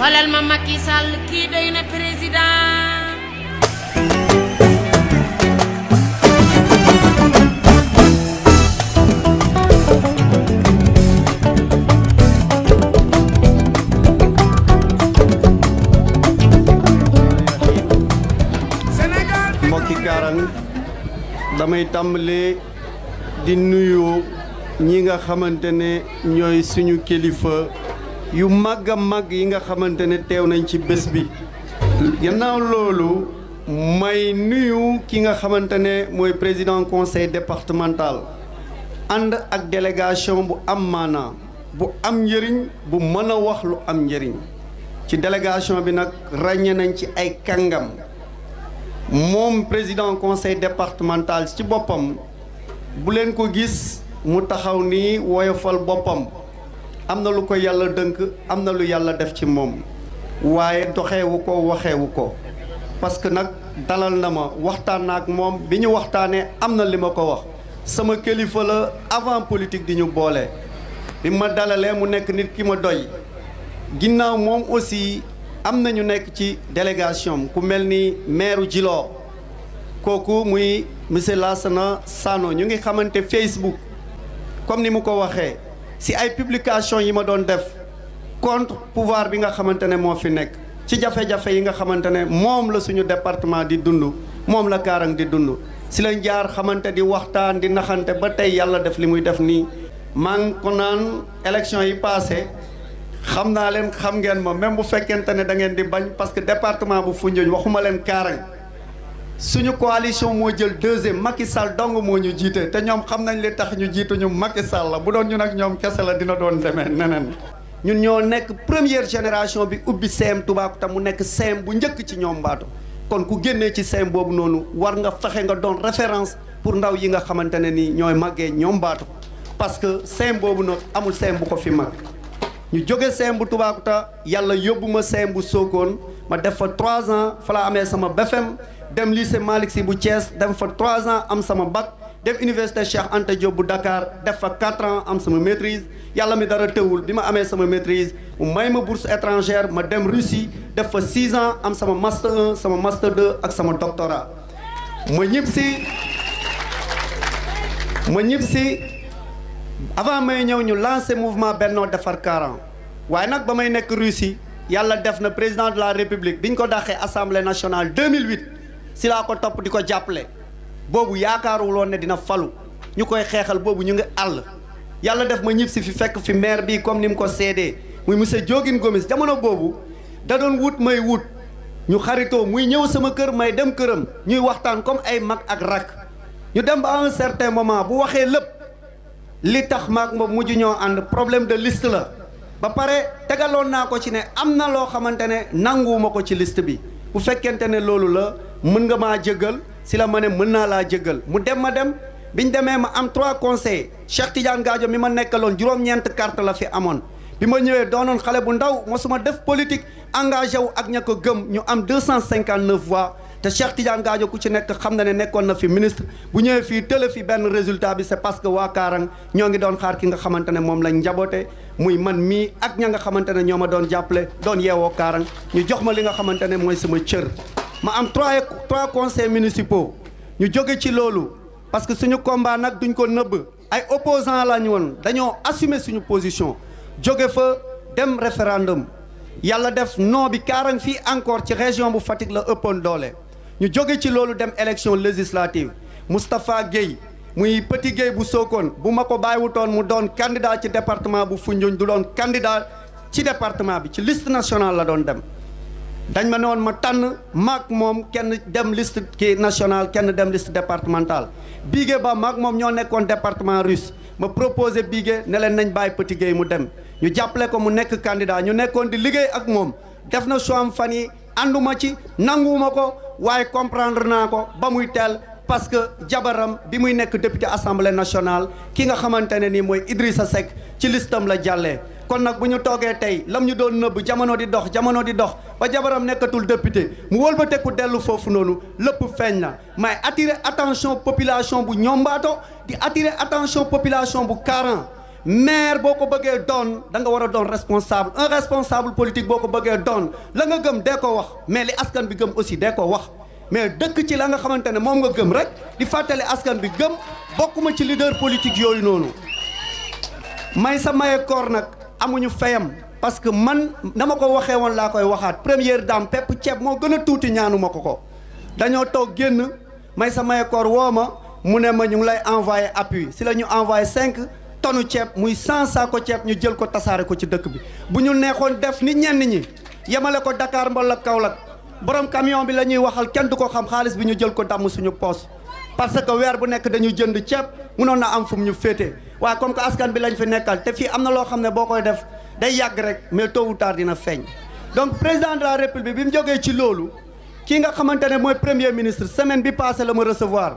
xoolal ma Macky Sall kii doy na président. mbokki Karang damay tàmbalee di nuyu ñi nga xamante ne ñooy suñu kilifa. yu màgg a màgg yi nga xamante ne teew nañ ci bés bi gannaaw loolu may nuyu ki nga xamante ne mooy président conseil départemental ànd ak délégation bu am maanaa bu am njëriñ bu mën a wax lu am njëriñ ci délégation bi nag ràññe nañ ci ay kàngam moom président conseil départemental ci boppam bu leen ko gis mu taxaw ni woyofal boppam am na lu ko yàlla dënk am na lu yàlla def ci moom waaye doxewu ko waxewu ko parce que nag dalal na ma waxtaan na moom bi ñu waxtaanee am na li ma ko wax sama kilifa la avant politique di ñu boole bi ma dalalee mu nekk nit ki ma doy ginnaaw moom aussi am na ñu nekk ci délégation ku mel ni maire Djilor kooku muy monsieur Lassana Sano ñu ngi xamante Facebook comme ni mu ko waxee. si ay publication yi ma doon def contre pouvoir bi nga xamante ne moo fi nekk ci jafe-jafe yi nga xamante ne moom la suñu département di dund moom la Kaarang di dund si lañ jaar xamante di waxtaan di naxante ba tey yàlla def li muy def nii maa ngi ko naan yi passé xam naa leen xam ngeen ma même bu fekkente ne da ngeen di bañ parce que département bu Foundiougne waxuma leen Kaarang suñu coalition moo jël deuxième Macky Sall dong moo ñu jiite te ñoom xam nañ li tax ñu jiitu ñu Macky Sall la bu doon ñu nag ñoom kese la dina doon demee neneen ñun ñoo nekk première génération bi ubbi seem tubaakuta mu nekk CEM bu njëkk ci ñoom mbaatu kon ku génnee ci CEM boobu noonu war nga fexe nga doon référence pour ndaw yi nga xamante ne ni ñooy màggee ñoom mbaatu parce que CEM boobu nag amul CEM bu ko fi mag ñu jóge CEM bu Toubacouta yàlla yóbbu ma CEM bu Sokone ma def fa trois ans fa amee sama BFEM dem lycée Malick bu Thiès dem fa trois ans am sama bac dem université Cheikh Anta Diop bu Dakar def fa 4 ans am sama maîtrise yàlla mi dara tëwul bi ma amee sama maîtrise mu may ma bourse étrangère ma dem Russie def fa 6 ans am sama master 1 sama master 2 ak sama doctorat ma ñib si ma ñib si avant may ñëw ñu lancé mouvement Benno Defar Kaaràn waaye nag ba may nekk Russie yàlla def na président de la république bi ñu ko daxee assemblée nationale 2008 si laa ko topp di ko jàppale boobu yaakaaruloon ne dina falu ñu koy xeexal boobu ñu ngi àll yàlla def ma ñib si fi fekk fi maire bi comme ni mu ko seedee muy monsieur Diogine Gomis jamono boobu da doon wut may wut ñu xaritoo muy ñëw sama kër may dem këram ñuy waxtaan comme ay mag ak rak ñu dem ba un certain moment bu waxee lépp li tax maag moom mujj ñoo ànd problème de liste la ba pare tegaloon naa ko ci ne am na loo xamante ne nanguwuma ko ci list bi bu fekkente ne loolu mën nga maa jëggal si la ma ne mën naa laa jëggal mu dem ma dem biñ demee ma am trois conseil Cheikh Tidiane gaajo mi ma nekkaloon juróom-ñeent carte la fi amoon bi ma ñëwee doonoon xale bu ndaw mosuma def politique engagé wu ak ña ko gëm ñu am deux cent cinquante neuf voix te Cheikh Tidiane gaajo ku ci nekk xam na ne nekkoon na fi ministre bu ñëwee fii tële fi benn résultat bi c'est parce que waa Kaarang ñoo ngi doon xaar ki nga xamante ne moom lañ njaboote muy man mii ak ña nga xamante ne ñoo ma doon jàppale doon yeewoo Kaarang ñu jox ma li nga xamante ne mooy sama cër. ma am trois trois conseils municipaux ñu jóge ci loolu parce que suñu combat duñ ko nëbb ay opposants la ñu woon dañoo assumer suñu position jóge fa dem référendum yàlla def non bi kaaran fii encore ci région bu Fatick la ëppoon doole ñu jóge ci loolu dem élection législative Moustapha Guèye muy Petit Guèye bu sookoon bu ma ko bàyyiwutoon mu doon candidat ci département bu Foundiougne du doon candidat ci département bi ci liste nationale la doon dem dañ ma ne woon ma tànn maak moom kenn dem liste kii nationale kenn dem liste départementale Bigué Ba maag moom ñoo nekkoon département russe ma proposé Bigué ne leen nañ bàyyi Petit Gueye mu dem ñu jàppale ko mu nekk candidat ñu nekkoon di liggéey ak moom def na choix fan yi ànduma ci nanguwuma ko waaye comprendre naa ko ba muy teel parce que jabaram bi muy nekk député assemblée nationale ki nga xamante ne nii mooy Idrissa Seck ci listam la jàllee kon nag bu ñu toogee tey lam ñu doon nëbb jamono di dox jamono di dox ba jabaram nekkatul député mu wëlbateeku dellu foofu noonu lépp feeñ na may attirer attention population bu ñombaato di attirer attention population bu Karang maire boo ko bëggee doon da nga war a doon responsable un responsable politique boo ko bëggee doon la nga gëm dee ko wax mais li askan bi gëm aussi dee ko wax mais dëkk ci la nga xamante ne moom nga gëm rek di fàttali askan bi gëm bokkuma ci leader politique yooyu noonu may sa maye koor nag amuñu fayam parce que man na ma ko waxee woon laa koy waxaat première dame pepp ceeb moo gën a tuuti ñaanuma ko ko dañoo toog génn may sa mayekoor woo ma mu ne ma ñu ngi lay envoyé appui si la ñu envoyé cinq tonnes ceeb muy cent saako ceeb ñu jël ko tasaare ko ci dëkk bi bu ñu neexoon def ni ñenn ñi yemale ko Dakar mbala Kaolack borom camion bi la ñuy waxal kenn du ko xam xaalis bi ñu jël ko damm suñu poos parce que weer bu nekk dañu jënd ceeb noon na am fu ñu féete waaye comme que askan bi lañ fi nekkal te fii am na loo xam ne boo koy def day yàgg rek mais tôt ou tard dina feeñ. donc président de la république bi mu jógee ci loolu kii nga xamante ne mooy premier ministre semaine bi passé la ma recevoir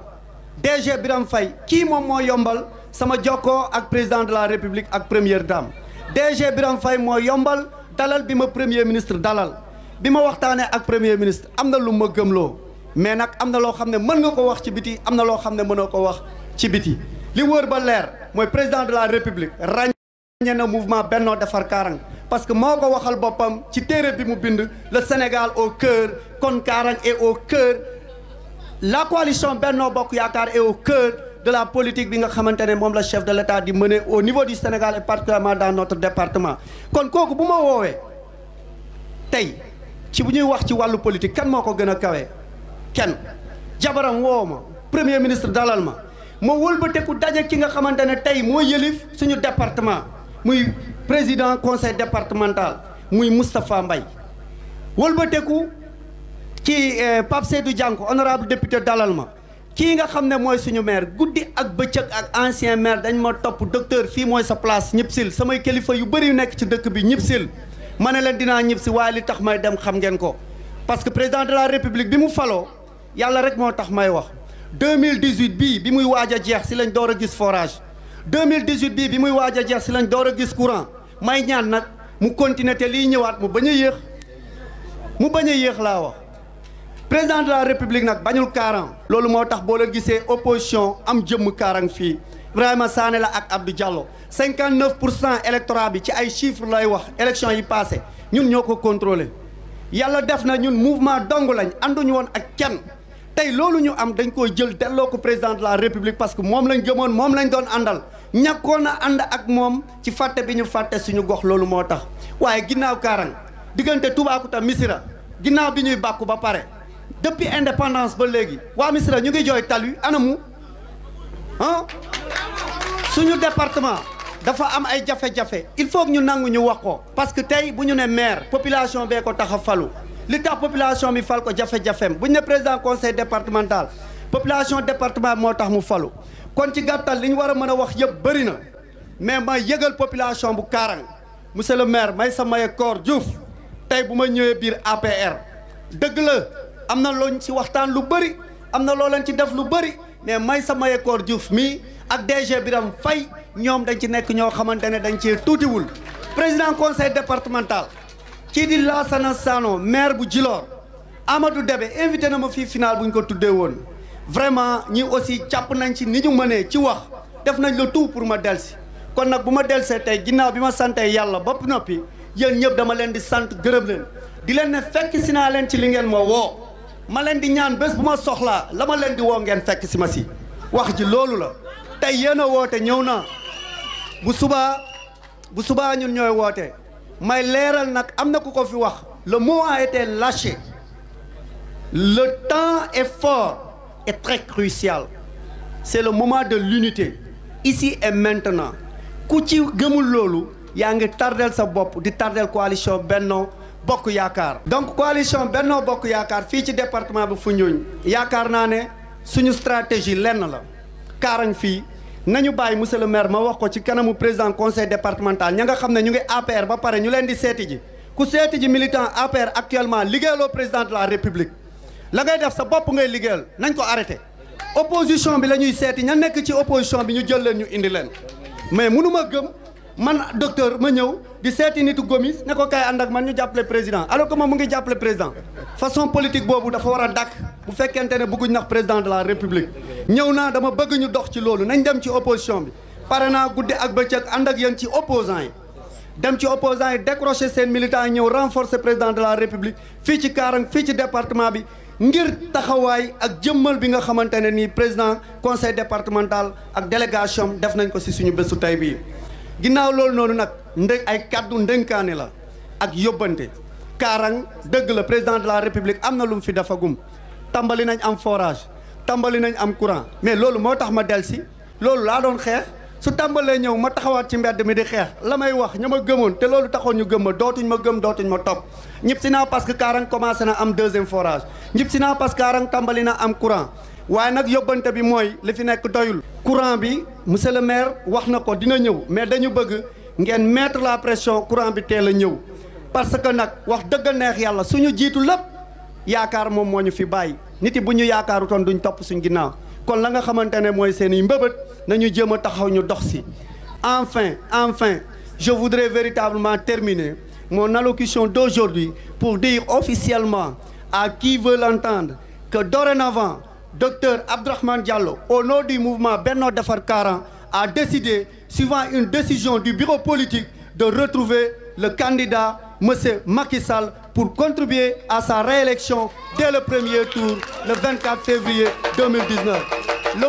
DG Birame fay kii moom moo yombal sama jokkoo ak président de la république ak première dame DG Birame fay moo yombal dalal bi ma premier ministre dalal bi ma waxtaanee ak premier ministre am na lu ma gëmloo. mais nag am na loo xam ne mën nga ko wax ci biti am na loo xam ne mënoo ko wax ci biti li wóor ba leer mooy président de la république ràññee na mouvement bennoo Defar Kaarang parce que moo ko waxal boppam ci téere bi mu bind le Sénégal au cœur kon Kaarang est au cœur la coalition Benno Bokk Yaakaar est au cœur de la politique bi nga xamante ne moom la chef de l'État di mener au niveau du Sénégal et particulièrement dans notre département kon kooku bu ma woowee tey ci bu ñuy wax ci wàllu politique kan moo ko gën a kawee kenn jabaram woo ma premier ministre dalal ma ma wëlbateku daje ki nga xamante ne tey moo yëlif suñu département muy président conseil départemental muy Moustapha Mbaye wëlbateku ci eh, Pape Seydou Dianko honorable député dalal ma kii nga xam ne mooy suñu maire guddi ak bëccëg ak ancien maire dañ ma topp docteur fii mooy sa place ñëpp sil samay kilifa yu bëri yu nekk ci dëkk bi ñëpp sil ma ne leen dinaa ñëpp si waaye li tax may dem xam ngeen ko parce que président mu faloo yàlla rek moo tax may wax 2018 bii bi muy waaja jeex si lañ door a gis forage 2018 bii bi muy waaj a jeex si lañ door a gis courant may ñaan nag mu continuer te liy ñëwaat mu bañ a yéex mu bañ a yéex laa wax président de la république nag bañul kaaraan loolu moo tax boo leen gisee opposition am jëmm kaaraan fii Ibrahima Sané la ak abdu Diallo 59 pour cent électorat bi ci ay chiffres lay wax élection yi passé ñun ñoo ko contrôlé yàlla def na ñun mouvement dong lañ ànduñu woon ak kenn. tey loolu ñu am dañ koo jël delloo ko président la république parce que moom lañ gëmoon moom lañ doon àndal ñàkkoon a ànd ak moom ci fàtte bi ñu fàtte suñu gox loolu moo tax waaye ginnaaw Kaarang diggante Toubacouta Missira ginnaaw bi ñuy bàkku ba pare depuis indépendance ba léegi waa Missira ñu ngi jooy tali anamu ah suñu département dafa am ay jafe-jafe il faut ñu nangu ñu wax ko parce que tey bu ñu ne maire population bee ko tax a falu li tax population bi fal ko jafe-jafeem bu ñu ne président conseil départemental population département moo tax mu falu kon ci gàttal li ñu war a mën a wax yëpp bëri na mais ma yëgal population bu Kaarang monsieur le maire may sa maye cor Diouf tey bu ma ñëwee biir APR dëgg la am na looñ ci waxtaan lu bëri am na loo leen ci def lu bëri mais may sa maye koor Diouf mii ak DG Biram Fay ñoom dañ ci nekk ñoo xamante ne dañ ci tuutiwul président conseil départemental kii di Lassana Sano maire bu Djilor Amadou Debe invité na ma fii final bu ñu ko tuddee woon vraiment ñi aussi jàpp nañ ci ni ñu mënee ci wax def nañ le tout pour ma delsi kon nag bu ma delsee tey ginnaaw bi ma santee yàlla ba noppi yéen ñëpp dama leen di sant gërëb leen di leen ne fekk si naa leen ci li ngeen moo woo ma leen di ñaan bés bu ma soxlaa la ma leen di woo ngeen fekk si ma si wax ji loolu la tey yéen a woote ñëw naa bu subaa bu subaa ñun ñooy woote may leeral nag am na ku ko fi wax le mot a été lâché le temps est fort et très crucial c'est le moment de l'unité ici et maintenant ku ci gëmul loolu yaa ngi tardel sa bopp di tardel coalition Benno Bokk Yaakaar donc coalition Benno Bokk Yaakaar fii ci département bi Foundiougne yaakaar naa ne suñu stratégie lenn la kaarañ fii nañu bàyyi monsieur le maire ma wax ko ci kanamu président conseil départemental ña nga xam ne ñu ngi APR ba pare ñu leen di seeti ji ku seeti ji militant APR actuellement liggéeyaloo président de la république la ngay def sa bopp ngay liggéeyal nañ ko arrêté opposition bi la ñuy seeti ña nekk ci opposition bi ñu jël leen ñu indi leen mais munuma gëm man docteur ma ñëw di seeti nitu Gomis ne ko kaay ànd ak man ñu jàppale président alors que moom mu ngi jàppale président façon politique boobu dafa war a dàkk bu fekkente ne bëgguñ nax président de la république ñëw naa dama bëgg ñu dox ci loolu nañu dem ci opposition bi pare naa guddi ak bëccëg ànd ak yéen ci opposant yi dem ci opposant yi décrocher seen militant yi ñëw renforcer président de la république fii ci Kaarang fii ci département bi ngir taxawaay ak jëmmal bi nga xamante ne nii président conseil départemental ak délégation def nañ ko si suñu bésu tey bii ginnaaw loolu noonu nag ndé ay kàddu ndénkaane la ak yóbbante kaarang dëgg la président de la république am na lu mu fi dafagum tàmbali nañ am forage tàmbali nañ am courant mais loolu moo tax ma del si loolu laa doon xeex su tàmbalee ñëw ma taxawaat ci mbedd mi di xeex la may wax ña ma gëmoon te loolu taxoon ñu gëm ma dootuñ ma gëm dootuñ ma topp ñëpp si naa parce que kaarang commencé na am deuxième forage ñëpp si naa parce que kaarang tàmbali na am courant waaye nag yóbbante bi mooy li fi nekk doyul. courant bi monsieur le maire wax na ko dina ñëw mais dañu bëgg ngeen mettre la pression courant bi teel a ñëw parce que nag wax dëgg neex yàlla suñu jiitu lépp yaakaar moom moo ñu fi bàyyi nit yi bu ñu yaakaarutoon duñ topp suñ ginnaaw kon la nga xamante ne mooy seen i mbëbët nañu jéem a taxaw ñu dox si. enfin enfin je voudrais véritablement terminer mon allocution d'aujourd'hui pour dire officiellement à qui veut l'entendre que dorénavant. docteur Abdrahman Diallo, au nom du mouvement Bernard Defar Karan, a décidé, suivant une décision du bureau politique, de le candidat M. Macky pour contribuer à sa réélection dès le premier tour, le 24 février 2019.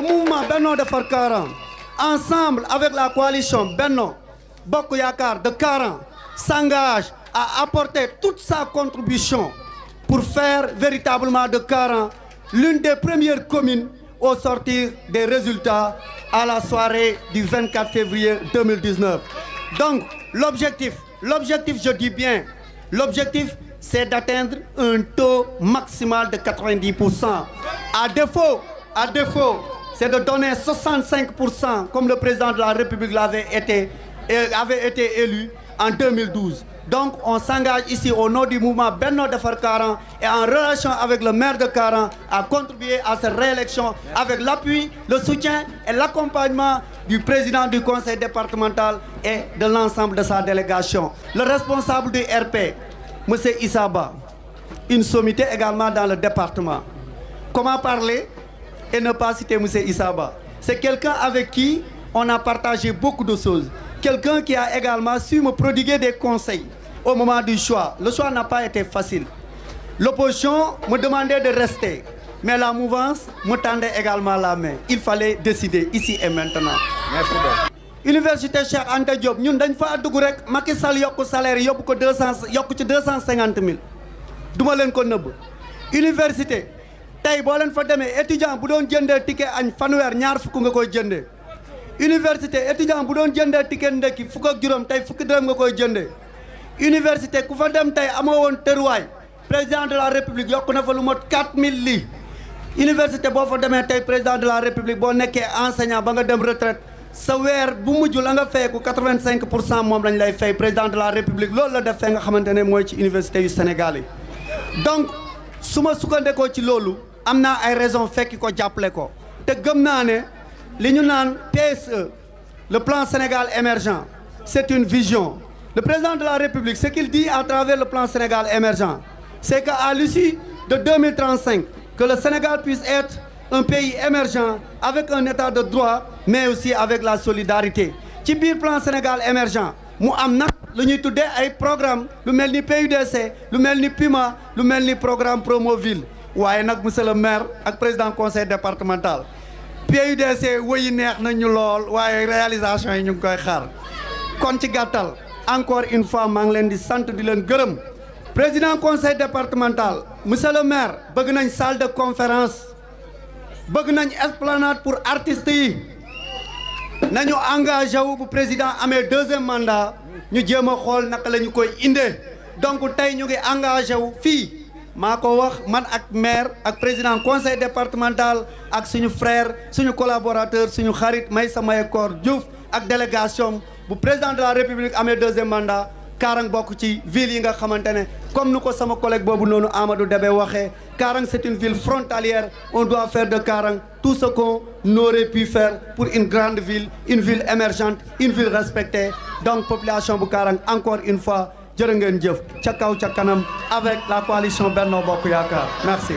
mouvement Bernard Defar Karan, ensemble avec la coalition Benno Bokoyakar de Karan, s'engage à apporter toute sa contribution pour faire de Karan l'une des premières communes au sortir des résultats à la soirée du 24 février 2019. Donc, l'objectif, l'objectif, je dis bien, l'objectif, c'est d'atteindre un taux maximal de 90%. À défaut, à défaut, c'est de donner 65%, comme le président de la République l'avait été, euh, avait été élu en 2012. Donc on s'engage ici au nom du mouvement Benno Defar Karan et en relation avec le maire de Karan à contribuer à cette réélection avec l'appui, le soutien et l'accompagnement du président du conseil départemental et de l'ensemble de sa délégation. Le responsable du RP, monsieur Issaba, une sommité également dans le département. Comment parler et ne pas citer monsieur Issaba? C'est quelqu'un avec qui on a partagé beaucoup de choses. Quelqu'un qui a également su me des conseils. au moment du choix. Le choix n'a pas été facile. L'opposition me demandait de rester, mais la mouvance mu tendait également la main. Il fallait décider ici et maintenant. Merci beaucoup. Université Cheikh Anta Diop ñun dañ fa dugg rek Macky Sall yokku salaire yóbbu ko deux cent yokku ci deux cent cinquante mille duma leen ko nëbb université tey boo leen fa demee étudiant bu doon jëndee ticket añ fanweer ñaar fukk nga koy jëndee université étudiant bu doon jëndee ticket ndekki fukk ak juróom tey fukki dërëm nga koy jëndee université ku fa dem tey amoo woon tëruwaay président de la république yokk na fa lu mot 4000 lits université boo fa demee tey président de la république boo nekkee enseignant ba nga dem retraite sa weer bu mujj la nga fay ko 85 pour cent moom lañ lay fay président de la république loolu la def fee nga xamante ne mooy ci université yu Sénégal yi donc su ma sukkandekoo ci loolu am naa ay raison fekki ko jàppale ko te gëm naa ne li ñu naan PSE le plan Sénégal émergent c'est une vision Le président de la République, ce qu'il dit à travers le plan Sénégal émergent, c'est qu'à l'issue de 2035, que le Sénégal puisse être un pays émergent avec un état de droit, mais aussi avec la solidarité. ci biir plan Sénégal émergent mu am nag lu ñuy tuddee ay programme lu mel ni PUDC lu mel ni PUMA lu mel ni programme Promoville waaye nag monsieur le maire ak président conseil départemental PUDC wëyi neex nañu lool waaye réalisation yi ñu ngi koy xaar kon ci gàttal encore une fois maa ngi leen di sant di leen gërëm président conseil départemental monsieur le maire bëgg nañ salle de conférence bëgg nañ esplanade pour artistes yi nañu engagé wu bu président amee deuxième mandat ñu jéem a xool naka la ñu koy indee donc tey ñu ngi engagé wu fii maa ko wax man ak maire ak président conseil départemental ak suñu frère suñu collaborateur suñu xarit Maysa sama Koor Diouf ak délégation bu président de la république amee deuxième mandat Kaarang bokk ci ville yi nga xamante ne comme nu ko sama collègue boobu noonu Amadou Debe waxee Kaarang c'est une ville frontalière on doit faire de Kaarang tout ce qu'on aurait pu faire pour une grande ville une ville émergente une ville respectée donc population bu Kaarang encore une fois jërë ngeen jëf ca kaw ca kanam avec la coalition Benno Bokk Yaakaar merci.